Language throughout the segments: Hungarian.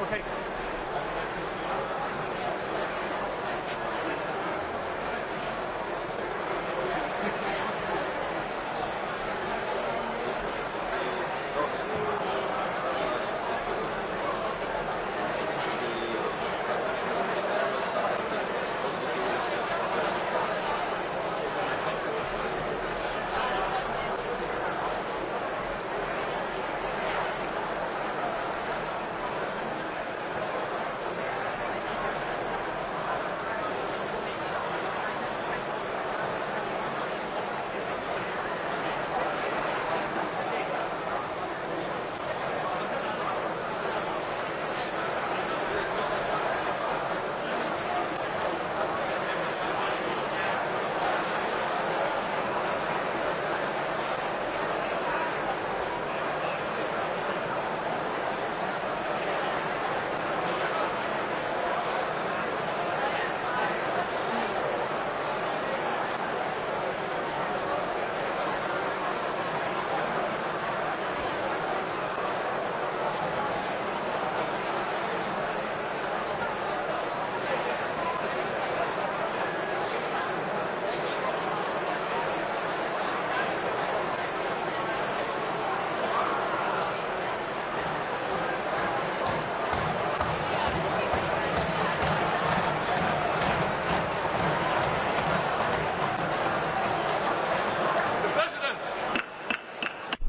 Okay.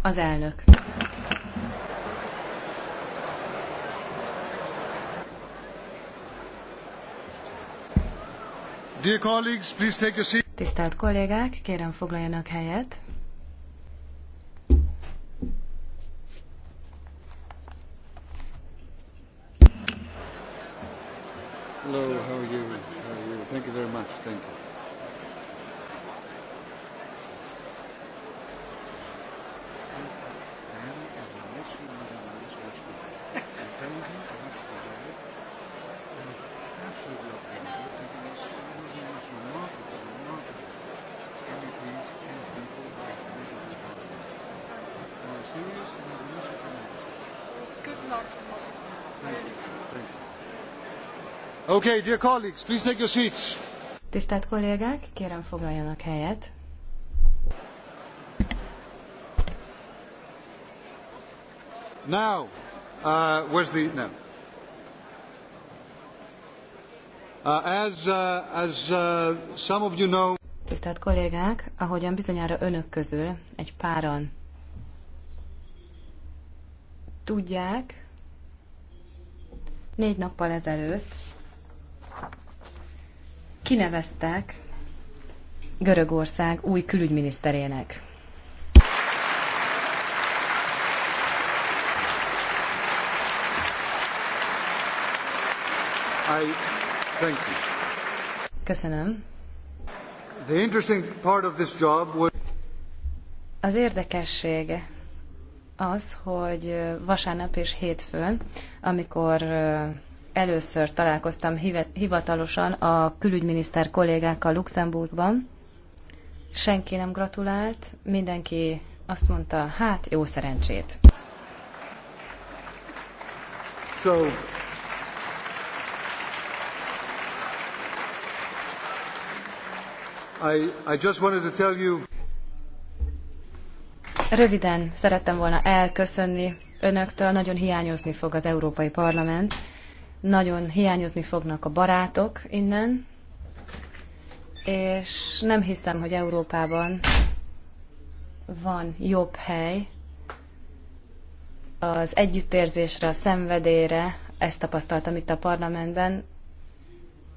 Az elnök. Tisztelt kollégák, kérem foglaljanak helyet. Okay, dear colleagues, please take your seats. Tisztelt kollégák, kérem foglaljanak helyet. Now, uh, where's the no? Uh, as uh, as uh, some of you know. Tisztelt kollégák, ahogyan bizonyára önök közül egy páran tudják, négy nappal ezelőtt kineveztek Görögország új külügyminiszterének. I thank you. Köszönöm. The interesting part of this job was... Az érdekessége az, hogy vasárnap és hétfőn, amikor először találkoztam hivatalosan a külügyminiszter kollégákkal Luxemburgban, senki nem gratulált, mindenki azt mondta, hát jó szerencsét. So, I, I just wanted to tell you... Röviden szerettem volna elköszönni önöktől, nagyon hiányozni fog az Európai Parlament, nagyon hiányozni fognak a barátok innen, és nem hiszem, hogy Európában van jobb hely az együttérzésre, a szenvedélyre, ezt tapasztaltam itt a parlamentben.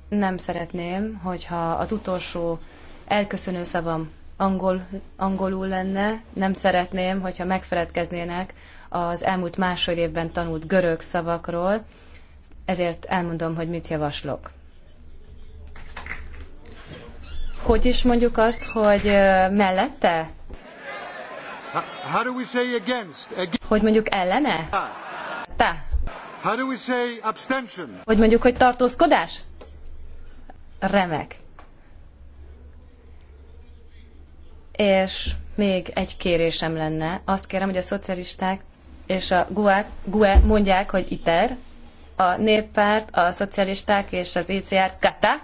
Nem szeretném, hogyha az utolsó elköszönő szavam angol, angolul lenne. Nem szeretném, hogyha megfeledkeznének az elmúlt másfél évben tanult görög szavakról, ezért elmondom, hogy mit javaslok. Hogy is mondjuk azt, hogy mellette? How do we say against? Hogy mondjuk ellene? Ah. Te. How do we say abstention? Hogy mondjuk, hogy tartózkodás? Remek. És még egy kérésem lenne. Azt kérem, hogy a szocialisták és a GUE, mondják, hogy ITER, a néppárt, a szocialisták és az ICR KATA,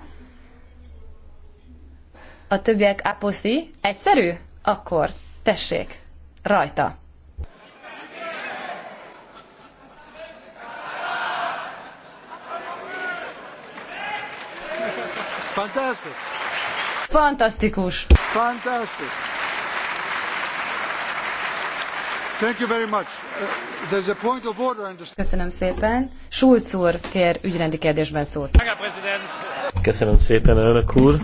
a többiek APOSZI. Egyszerű? Akkor tessék, rajta! Fantastic. Fantasztikus! Fantasztikus! Uh, Köszönöm szépen. Schulz úr kér ügyrendi kérdésben szót. Köszönöm szépen, elnök úr.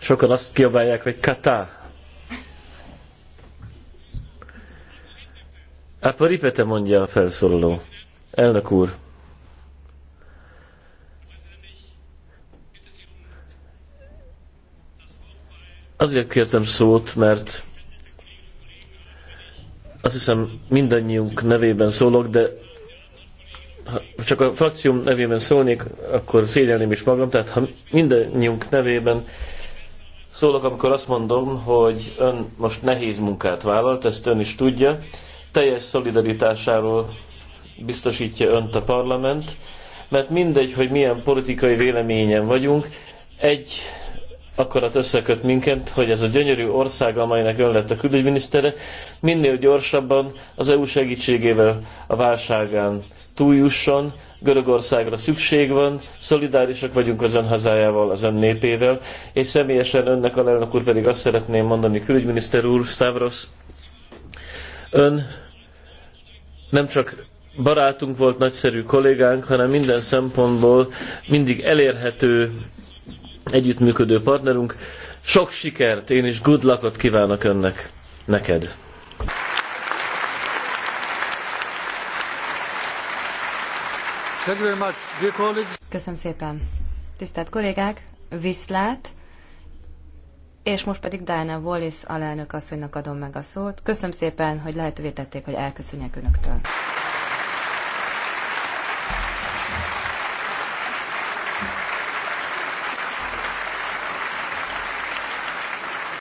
Sokan azt kiabálják, hogy Katá. Apa ripete mondja a felszólaló. Elnök úr. Azért kértem szót, mert azt hiszem mindannyiunk nevében szólok, de ha csak a frakcióm nevében szólnék, akkor szégyelném is magam, tehát ha mindannyiunk nevében szólok, amikor azt mondom, hogy ön most nehéz munkát vállalt, ezt ön is tudja, teljes szolidaritásáról biztosítja önt a parlament, mert mindegy, hogy milyen politikai véleményen vagyunk, egy akarat hát összeköt minket, hogy ez a gyönyörű ország, amelynek ön lett a külügyminisztere, minél gyorsabban az EU segítségével a válságán túljusson, Görögországra szükség van, szolidárisak vagyunk az ön hazájával, az ön népével, és személyesen önnek a lelnök úr pedig azt szeretném mondani, külügyminiszter úr, Stavros, ön nem csak barátunk volt, nagyszerű kollégánk, hanem minden szempontból mindig elérhető együttműködő partnerünk. Sok sikert, én is good luckot kívánok önnek, neked. Köszönöm szépen. Tisztelt kollégák, viszlát, és most pedig Diana Wallis alelnök asszonynak adom meg a szót. Köszönöm szépen, hogy lehetővé tették, hogy elköszönjek önöktől.